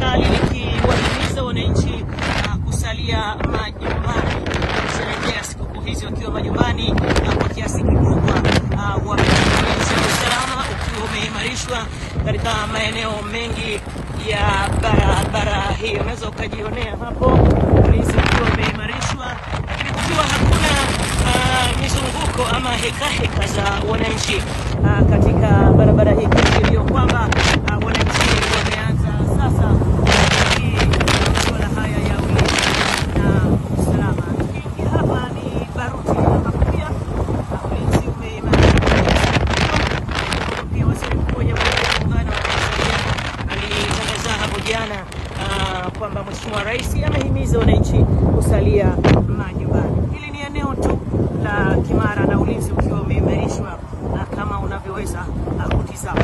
serikali likiwahimiza wananchi uh, kusalia majumbani kusherehekea sikukuu hizi wakiwa majumbani uh, kwa kiasi kikubwa uh, wameimarisha usalama ukiwa umeimarishwa katika maeneo mengi ya barabara hii. Unaweza ukajionea hapo polisi ukiwa umeimarishwa, lakini kukiwa hakuna uh, mizunguko ama hekaheka za wananchi uh, katika barabara hii. kwamba Mheshimiwa Rais amehimiza wananchi kusalia majumbani. Hili ni eneo tu la Kimara na ulinzi ukiwa umeimarishwa kama unavyoweza kutizama.